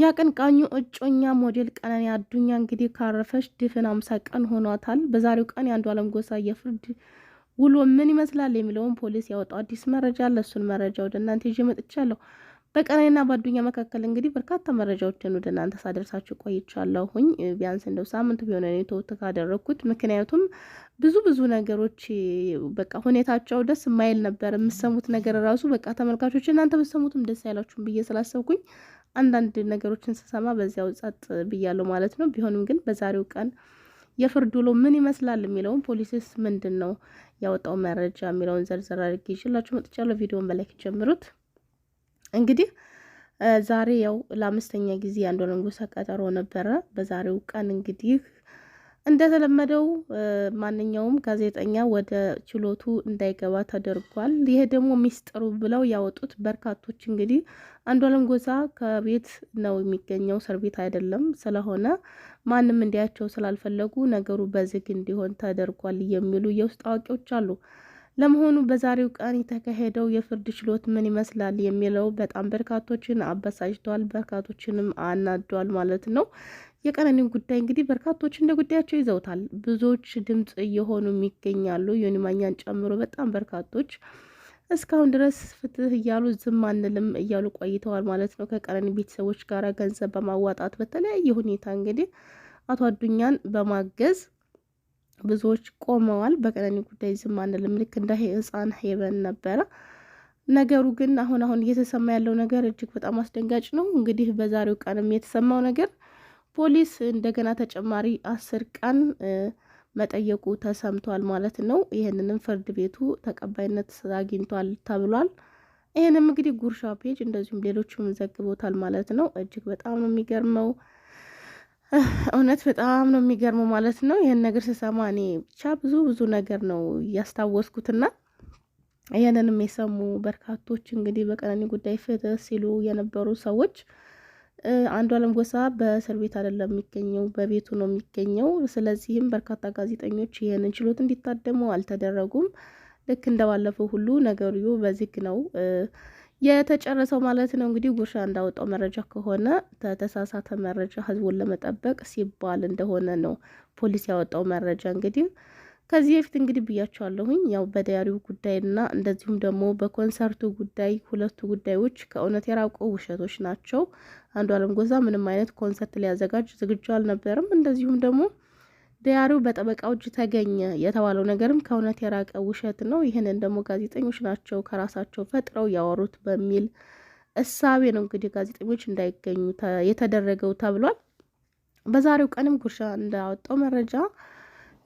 የአቀንቃኙ እጮኛ ሞዴል ቀነኒ አዱኛ እንግዲህ ካረፈች ድፍን አምሳ ቀን ሆኗታል። በዛሬው ቀን አለም ጎሳ የፍርድ ውሎ ምን ይመስላል የሚለውን ፖሊስ ያወጣው አዲስ መረጃ አለ። እሱን መረጃ ወደ እናንተ ይዤ መጥቻለሁ። በቀነኒና በአዱኛ መካከል እንግዲህ በርካታ መረጃዎችን ወደ እናንተ ሳደርሳችሁ ቆይቻለሁኝ። ቢያንስ እንደው ሳምንት ቢሆን እኔ ተውት ካደረግኩት፣ ምክንያቱም ብዙ ብዙ ነገሮች በቃ ሁኔታቸው ደስ የማይል ነበር። የምሰሙት ነገር ራሱ በቃ ተመልካቾች እናንተ ብሰሙትም ደስ አይላችሁም ብዬ ስላሰብኩኝ አንዳንድ ነገሮችን ስሰማ በዚያው ጸጥ ብያለሁ ማለት ነው። ቢሆንም ግን በዛሬው ቀን የፍርድ ውሎ ምን ይመስላል የሚለውን ፖሊስስ ምንድን ነው ያወጣው መረጃ የሚለውን ዘርዘር አድርጌ ይዤላችሁ መጥቻለሁ። ቪዲዮን በላይክ ጀምሩት። እንግዲህ ዛሬ ያው ለአምስተኛ ጊዜ አንዱ ጎሳ ቀጠሮ ነበረ። በዛሬው ቀን እንግዲህ እንደተለመደው ማንኛውም ጋዜጠኛ ወደ ችሎቱ እንዳይገባ ተደርጓል። ይሄ ደግሞ ሚስጥሩ ብለው ያወጡት በርካቶች እንግዲህ አንዷለም ጎሳ ከቤት ነው የሚገኘው፣ እስር ቤት አይደለም። ስለሆነ ማንም እንዲያቸው ስላልፈለጉ ነገሩ በዝግ እንዲሆን ተደርጓል የሚሉ የውስጥ አዋቂዎች አሉ። ለመሆኑ በዛሬው ቀን የተካሄደው የፍርድ ችሎት ምን ይመስላል የሚለው በጣም በርካቶችን አበሳጭቷል፣ በርካቶችንም አናዷል ማለት ነው። የቀነኒን ጉዳይ እንግዲህ በርካቶች እንደ ጉዳያቸው ይዘውታል። ብዙዎች ድምፅ እየሆኑ ይገኛሉ። ዮኒ ማኛን ጨምሮ በጣም በርካቶች እስካሁን ድረስ ፍትህ እያሉ ዝም አንልም እያሉ ቆይተዋል ማለት ነው። ከቀነኒ ቤተሰቦች ጋር ገንዘብ በማዋጣት በተለያየ ሁኔታ እንግዲህ አቶ አዱኛን በማገዝ ብዙዎች ቆመዋል። በቀነኒ ጉዳይ ዝም አንልም ልክ እንደ ህፃን ሄበን ነበረ። ነገሩ ግን አሁን አሁን እየተሰማ ያለው ነገር እጅግ በጣም አስደንጋጭ ነው። እንግዲህ በዛሬው ቀንም የተሰማው ነገር ፖሊስ እንደገና ተጨማሪ አስር ቀን መጠየቁ ተሰምቷል ማለት ነው። ይህንንም ፍርድ ቤቱ ተቀባይነት አግኝቷል ተብሏል። ይህንም እንግዲህ ጉርሻ ፔጅ እንደዚሁም ሌሎችም ዘግቦታል ማለት ነው። እጅግ በጣም ነው የሚገርመው፣ እውነት በጣም ነው የሚገርመው ማለት ነው። ይህን ነገር ስሰማ እኔ ብቻ ብዙ ብዙ ነገር ነው እያስታወስኩትና ይህንንም የሰሙ በርካቶች እንግዲህ በቀነኒ ጉዳይ ፍትህ ሲሉ የነበሩ ሰዎች አንዷለም ጎሳ በእስር ቤት አይደለም የሚገኘው፣ በቤቱ ነው የሚገኘው። ስለዚህም በርካታ ጋዜጠኞች ይህንን ችሎት እንዲታደሙ አልተደረጉም። ልክ እንደባለፈው ሁሉ ነገሩ በዚህ ነው የተጨረሰው ማለት ነው። እንግዲህ ጉርሻ እንዳወጣው መረጃ ከሆነ ተሳሳተ መረጃ ህዝቡን ለመጠበቅ ሲባል እንደሆነ ነው ፖሊስ ያወጣው መረጃ እንግዲህ ከዚህ በፊት እንግዲህ ብያቸዋለሁኝ ያው በዳያሪው ጉዳይና እንደዚሁም ደግሞ በኮንሰርቱ ጉዳይ ሁለቱ ጉዳዮች ከእውነት የራቁ ውሸቶች ናቸው። አንዱ አለም ጎዛ ምንም አይነት ኮንሰርት ሊያዘጋጅ ዝግጁ አልነበርም። እንደዚሁም ደግሞ ዳያሪው በጠበቃው እጅ ተገኘ የተባለው ነገርም ከእውነት የራቀ ውሸት ነው። ይህንን ደግሞ ጋዜጠኞች ናቸው ከራሳቸው ፈጥረው ያወሩት በሚል እሳቤ ነው እንግዲህ ጋዜጠኞች እንዳይገኙ የተደረገው ተብሏል። በዛሬው ቀንም ጉርሻ እንዳወጣው መረጃ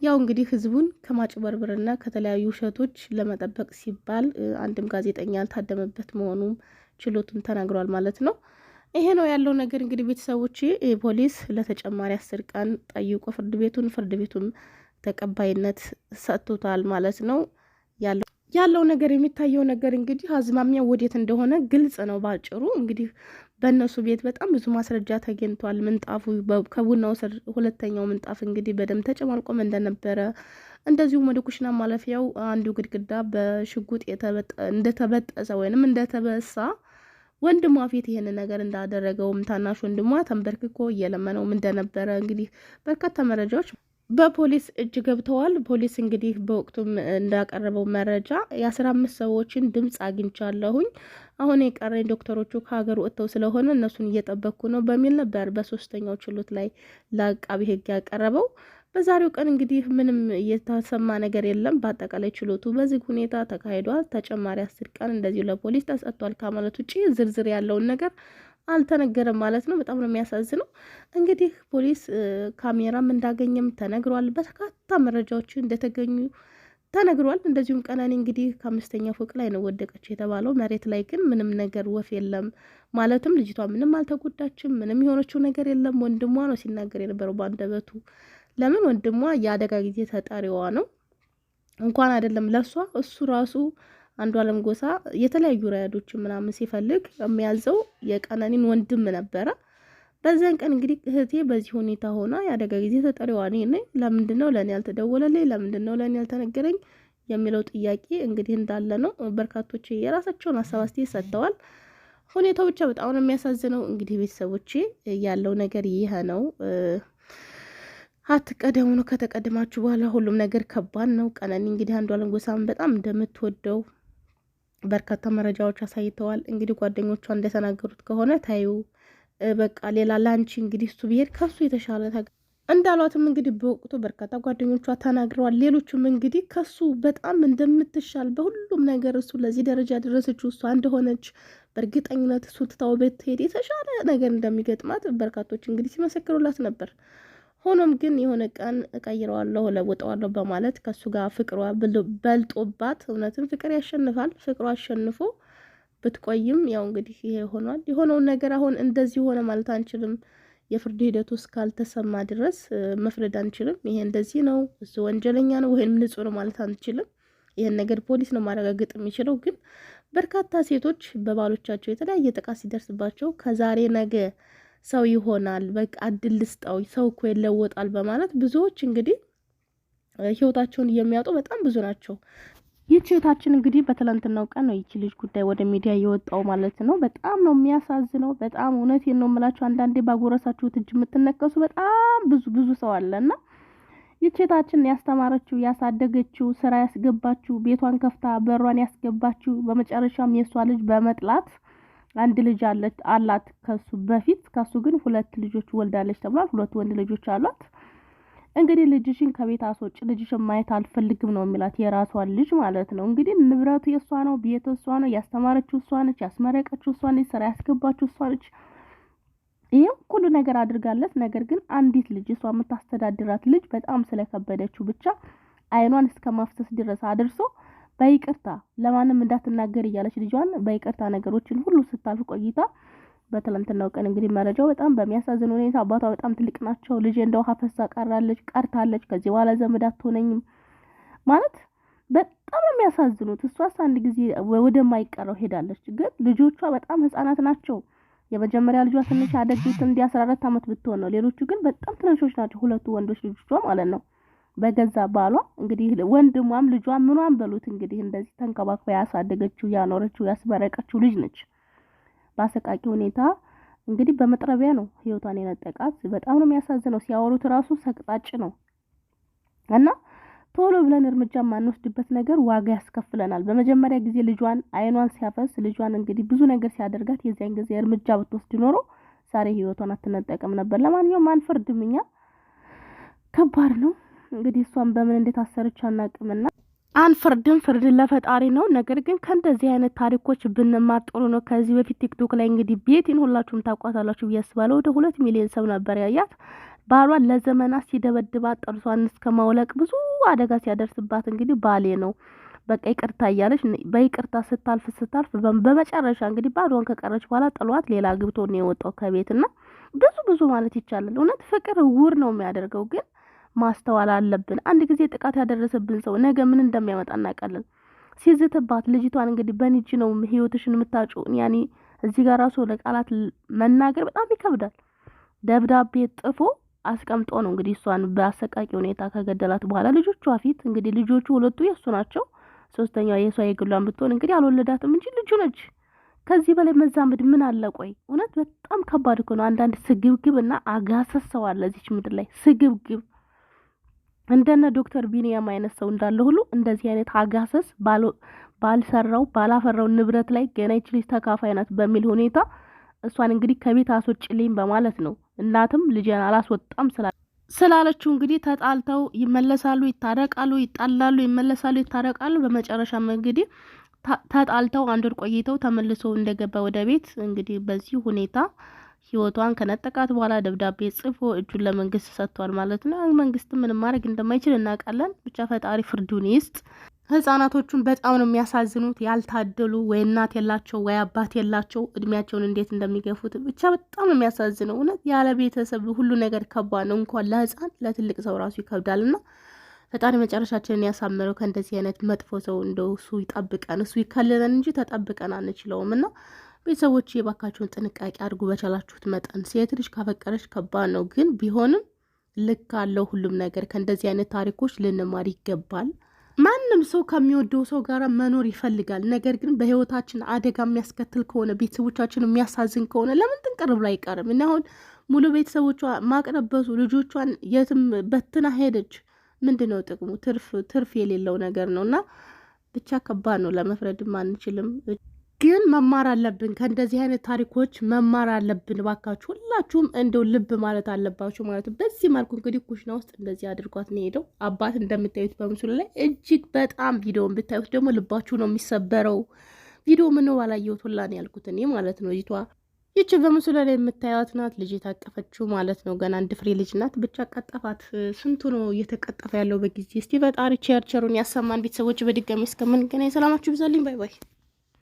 ያው እንግዲህ ህዝቡን ከማጭበርበርና ከተለያዩ ውሸቶች ለመጠበቅ ሲባል አንድም ጋዜጠኛ አልታደመበት መሆኑም ችሎቱን ተናግሯል ማለት ነው። ይሄ ነው ያለው ነገር። እንግዲህ ቤተሰቦች ፖሊስ ለተጨማሪ አስር ቀን ጠይቆ ፍርድ ቤቱን ፍርድ ቤቱም ተቀባይነት ሰጥቶታል ማለት ነው። ያለው ነገር የሚታየው ነገር እንግዲህ አዝማሚያ ወዴት እንደሆነ ግልጽ ነው። ባጭሩ እንግዲህ በእነሱ ቤት በጣም ብዙ ማስረጃ ተገኝቷል። ምንጣፉ ከቡናው ስር ሁለተኛው ምንጣፍ እንግዲህ በደም ተጨማልቆም እንደነበረ እንደዚሁም ወደ ኩሽና ማለፊያው አንዱ ግድግዳ በሽጉጥ እንደተበጠሰ ወይንም እንደተበሳ ወንድሟ ፊት ይህን ነገር እንዳደረገውም ታናሽ ወንድሟ ተንበርክኮ እየለመነውም እንደነበረ እንግዲህ በርካታ መረጃዎች በፖሊስ እጅ ገብተዋል። ፖሊስ እንግዲህ በወቅቱም እንዳቀረበው መረጃ የአስራ አምስት ሰዎችን ድምፅ አግኝቻለሁኝ አሁን የቀረኝ ዶክተሮቹ ከሀገር ወጥተው ስለሆነ እነሱን እየጠበቅኩ ነው በሚል ነበር በሶስተኛው ችሎት ላይ ለአቃቢ ሕግ ያቀረበው። በዛሬው ቀን እንግዲህ ምንም የተሰማ ነገር የለም። በአጠቃላይ ችሎቱ በዚህ ሁኔታ ተካሂዷል። ተጨማሪ አስር ቀን እንደዚሁ ለፖሊስ ተሰጥቷል። ከማለት ውጭ ዝርዝር ያለውን ነገር አልተነገረም ማለት ነው። በጣም ነው የሚያሳዝነው። እንግዲህ ፖሊስ ካሜራም እንዳገኘም ተነግሯል። በርካታ መረጃዎች እንደተገኙ ተነግሯል። እንደዚሁም ቀነኒ እንግዲህ ከአምስተኛ ፎቅ ላይ ነው ወደቀች የተባለው። መሬት ላይ ግን ምንም ነገር ወፍ የለም ማለትም ልጅቷ ምንም አልተጎዳችም፣ ምንም የሆነችው ነገር የለም። ወንድሟ ነው ሲናገር የነበረው በአንደበቱ። ለምን ወንድሟ የአደጋ ጊዜ ተጠሪዋ ነው እንኳን አይደለም ለሷ እሱ ራሱ አንዱ አለም ጎሳ የተለያዩ ረያዶችን ምናምን ሲፈልግ የሚያዘው የቀነኒን ወንድም ነበረ። በዚያን ቀን እንግዲህ እህቴ በዚህ ሁኔታ ሆና የአደጋ ጊዜ ተጠሪዋ እኔ ነኝ። ለምንድን ነው ለእኔ ያልተደወለልኝ? ለምንድን ነው ለእኔ ያልተነገረኝ? የሚለው ጥያቄ እንግዲህ እንዳለ ነው። በርካቶች የራሳቸውን ሀሳብ አስተያየት ሰጥተዋል። ሁኔታው ብቻ በጣም ነው የሚያሳዝነው። እንግዲህ ቤተሰቦቼ ያለው ነገር ይህ ነው። አትቀደሙ ነው። ከተቀደማችሁ በኋላ ሁሉም ነገር ከባድ ነው። ቀነኒ እንግዲህ አለም ጎሳም በጣም እንደምትወደው በርካታ መረጃዎች አሳይተዋል። እንግዲህ ጓደኞቿ እንደተናገሩት ከሆነ ታዩ በቃ ሌላ ላንቺ እንግዲህ እሱ ብሄድ ከሱ የተሻለ እንዳሏትም እንግዲህ በወቅቱ በርካታ ጓደኞቿ ተናግረዋል። ሌሎቹም እንግዲህ ከሱ በጣም እንደምትሻል በሁሉም ነገር እሱ ለዚህ ደረጃ ያደረሰችው እሷ እንደሆነች በእርግጠኝነት እሱ ትታው ቤት የተሻለ ነገር እንደሚገጥማት በርካቶች እንግዲህ ሲመሰክሩላት ነበር። ሆኖም ግን የሆነ ቀን እቀይረዋለሁ እለውጠዋለሁ በማለት ከሱ ጋር ፍቅሯ በልጦባት፣ እውነትም ፍቅር ያሸንፋል። ፍቅሯ አሸንፎ ብትቆይም ያው እንግዲህ ይሄ ሆኗል። የሆነውን ነገር አሁን እንደዚህ ሆነ ማለት አንችልም። የፍርድ ሂደቱ እስካልተሰማ ድረስ መፍረድ አንችልም። ይሄ እንደዚህ ነው፣ እሱ ወንጀለኛ ነው ወይም ንጹሕ ነው ማለት አንችልም። ይህን ነገር ፖሊስ ነው ማረጋገጥ የሚችለው። ግን በርካታ ሴቶች በባሎቻቸው የተለያየ ጥቃት ሲደርስባቸው ከዛሬ ነገ ሰው ይሆናል፣ በቃ እድል ልስጠው፣ ሰው እኮ ይለወጣል በማለት ብዙዎች እንግዲህ ህይወታቸውን የሚያውጡ በጣም ብዙ ናቸው። ይህች ህይወታችን እንግዲህ በትላንትናው ቀን ነው ይቺ ልጅ ጉዳይ ወደ ሚዲያ የወጣው ማለት ነው። በጣም ነው የሚያሳዝነው። በጣም እውነት ነው የምላቸው። አንዳንዴ ባጎረሳችሁት እጅ የምትነቀሱ በጣም ብዙ ብዙ ሰው አለና ይህች እህታችን ያስተማረችው፣ ያሳደገችው፣ ስራ ያስገባችው፣ ቤቷን ከፍታ በሯን ያስገባችው በመጨረሻም የእሷ ልጅ በመጥላት አንድ ልጅ አለች አላት ከሱ በፊት ከሱ ግን ሁለት ልጆች ወልዳለች ተብሏል። ሁለት ወንድ ልጆች አሏት። እንግዲህ ልጅሽን ከቤት አስወጪ፣ ልጅሽን ማየት አልፈልግም ነው የሚላት፣ የራሷን ልጅ ማለት ነው። እንግዲህ ንብረቱ የእሷ ነው፣ ቤቱ እሷ ነው፣ ያስተማረችው እሷ ነች፣ ያስመረቀችው እሷ ነች፣ ስራ ያስገባችው እሷ ነች። ይህም ሁሉ ነገር አድርጋለት። ነገር ግን አንዲት ልጅ እሷ የምታስተዳድራት ልጅ በጣም ስለከበደችው ብቻ አይኗን እስከ ማፍሰስ ድረስ አድርሶ በይቅርታ ለማንም እንዳትናገር እያለች ልጇን በይቅርታ ነገሮችን ሁሉ ስታልፍ ቆይታ በትላንትናው ቀን እንግዲህ መረጃው በጣም በሚያሳዝን ሁኔታ አባቷ በጣም ትልቅ ናቸው። ልጅ እንደ ውሃ ፈሳ ቀራለች ቀርታለች። ከዚህ በኋላ ዘመድ አትሆነኝም ማለት በጣም የሚያሳዝኑት። እሷስ አንድ ጊዜ ወደማይቀረው ሄዳለች። ግን ልጆቿ በጣም ህጻናት ናቸው። የመጀመሪያ ልጇ ትንሽ አደግት እንዲ አስራ አራት አመት ብትሆን ነው። ሌሎቹ ግን በጣም ትንሾች ናቸው። ሁለቱ ወንዶች ልጆቿ ማለት ነው። በገዛ ባሏ እንግዲህ ወንድሟም ልጇ ምኗም በሉት እንግዲህ እንደዚህ ተንከባክባ ያሳደገችው ያኖረችው ያስበረቀችው ልጅ ነች። በአሰቃቂ ሁኔታ እንግዲህ በመጥረቢያ ነው ህይወቷን የነጠቃት። በጣም ነው የሚያሳዝነው። ሲያወሩት ራሱ ሰቅጣጭ ነው እና ቶሎ ብለን እርምጃ የማንወስድበት ነገር ዋጋ ያስከፍለናል። በመጀመሪያ ጊዜ ልጇን አይኗን ሲያፈስ ልጇን እንግዲህ ብዙ ነገር ሲያደርጋት የዚያን ጊዜ እርምጃ ብትወስድ ኖሮ ዛሬ ህይወቷን አትነጠቅም ነበር። ለማንኛውም አንፈርድም እኛ። ከባድ ነው። እንግዲህ እሷን በምን እንደታሰረች አናቅምና አን ፍርድን ለፈጣሪ ነው። ነገር ግን ከእንደዚህ አይነት ታሪኮች ብንማር ጥሩ ነው። ከዚህ በፊት ቲክቶክ ላይ እንግዲህ ቤቲን ሁላችሁም ታውቋታላችሁ ብዬ አስባለሁ። ወደ ሁለት ሚሊዮን ሰው ነበር ያያት። ባሏን ለዘመናት ሲደበድባት ጥርሷን እስከ ማውለቅ ብዙ አደጋ ሲያደርስባት እንግዲህ ባሌ ነው በቃ ይቅርታ እያለች በይቅርታ ስታልፍ ስታልፍ በመጨረሻ እንግዲህ ባዷን ከቀረች በኋላ ጥሏት ሌላ ግብቶ ነው የወጣው ከቤት እና ብዙ ብዙ ማለት ይቻላል። እውነት ፍቅር ውር ነው የሚያደርገው ግን ማስተዋል አለብን። አንድ ጊዜ ጥቃት ያደረሰብን ሰው ነገ ምን እንደሚያመጣ እናውቃለን። ሲዝትባት ልጅቷን እንግዲህ በንጅ ነው ህይወትሽን የምታጭውን ያኔ እዚህ ጋር ራሱ ለቃላት መናገር በጣም ይከብዳል። ደብዳቤ ጥፎ አስቀምጦ ነው እንግዲህ እሷን በአሰቃቂ ሁኔታ ከገደላት በኋላ ልጆቿ ፊት እንግዲህ ልጆቹ ሁለቱ የእሱ ናቸው። ሶስተኛዋ የእሷ የግሏን ብትሆን እንግዲህ አልወለዳትም እንጂ ልጁ ነች። ከዚህ በላይ መዛመድ ምን አለ? ቆይ እውነት በጣም ከባድ እኮ ነው። አንዳንድ ስግብግብ እና አጋሰሰዋለ እዚች ምድር ላይ ስግብግብ እንደነ ዶክተር ቢኒያም አይነት ሰው እንዳለ ሁሉ እንደዚህ አይነት አጋሰስ ባልሰራው ባላፈራው ንብረት ላይ ገና ይች ልጅ ተካፋይ ናት በሚል ሁኔታ እሷን እንግዲህ ከቤት አስወጭልኝ በማለት ነው እናትም ልጄን አላስወጣም ስላ ስላለችው እንግዲህ ተጣልተው ይመለሳሉ፣ ይታረቃሉ፣ ይጣላሉ፣ ይመለሳሉ፣ ይታረቃሉ። በመጨረሻም እንግዲህ ተጣልተው አንድ ወር ቆይተው ተመልሶ እንደገባ ወደ ቤት እንግዲህ በዚህ ሁኔታ ህይወቷን ከነጠቃት በኋላ ደብዳቤ ጽፎ እጁን ለመንግስት ሰጥቷል ማለት ነው። መንግስት ምንም ማድረግ እንደማይችል እናውቃለን። ብቻ ፈጣሪ ፍርዱን ይስጥ። ህጻናቶቹን በጣም ነው የሚያሳዝኑት። ያልታደሉ ወይ እናት የላቸው ወይ አባት የላቸው እድሜያቸውን እንዴት እንደሚገፉት ብቻ በጣም ነው የሚያሳዝነው። እውነት ያለ ቤተሰብ ሁሉ ነገር ከባድ ነው፣ እንኳን ለህጻን ለትልቅ ሰው ራሱ ይከብዳል። እና ፈጣሪ መጨረሻችንን ያሳምረው። ከእንደዚህ አይነት መጥፎ ሰው እንደ እሱ ይጠብቀን፣ እሱ ይከልለን እንጂ ተጠብቀን አንችለውም እና ቤተሰቦች የባካችሁን ጥንቃቄ አድርጉ በቻላችሁት መጠን። ሴት ልጅ ካፈቀረች ከባድ ነው፣ ግን ቢሆንም ልክ አለው ሁሉም ነገር። ከእንደዚህ አይነት ታሪኮች ልንማር ይገባል። ማንም ሰው ከሚወደው ሰው ጋር መኖር ይፈልጋል። ነገር ግን በህይወታችን አደጋ የሚያስከትል ከሆነ ቤተሰቦቻችን የሚያሳዝን ከሆነ ለምን ጥንቅር ብሎ አይቀርም እና አሁን ሙሉ ቤተሰቦቿ ማቅረበሱ ልጆቿን የትም በትና ሄደች። ምንድን ነው ጥቅሙ? ትርፍ ትርፍ የሌለው ነገር ነው እና ብቻ ከባድ ነው። ለመፍረድም አንችልም። ግን መማር አለብን። ከእንደዚህ አይነት ታሪኮች መማር አለብን። ባካችሁ ሁላችሁም እንደው ልብ ማለት አለባችሁ ማለት ነው። በዚህ መልኩ እንግዲህ ኩሽና ውስጥ እንደዚህ አድርጓት ነው የሄደው አባት። እንደምታዩት በምስሉ ላይ እጅግ በጣም ቪዲዮን ብታዩት ደግሞ ልባችሁ ነው የሚሰበረው። ቪዲዮ ምን ባላየሁት ሁላ ነው ያልኩት እኔ ማለት ነው። ይቷ ይቺ በምስሉ ላይ የምታዩት ናት ልጅ የታቀፈችው ማለት ነው። ገና አንድ ፍሬ ልጅ ናት። ብቻ ቀጠፋት። ስንቱ ነው እየተቀጠፈ ያለው በጊዜ። እስቲ በጣሪ ቸርቸሩን ያሰማን ቤተሰቦች። በድጋሚ እስከምንገናኝ ሰላማችሁ ይብዛልኝ። ባይ ባይ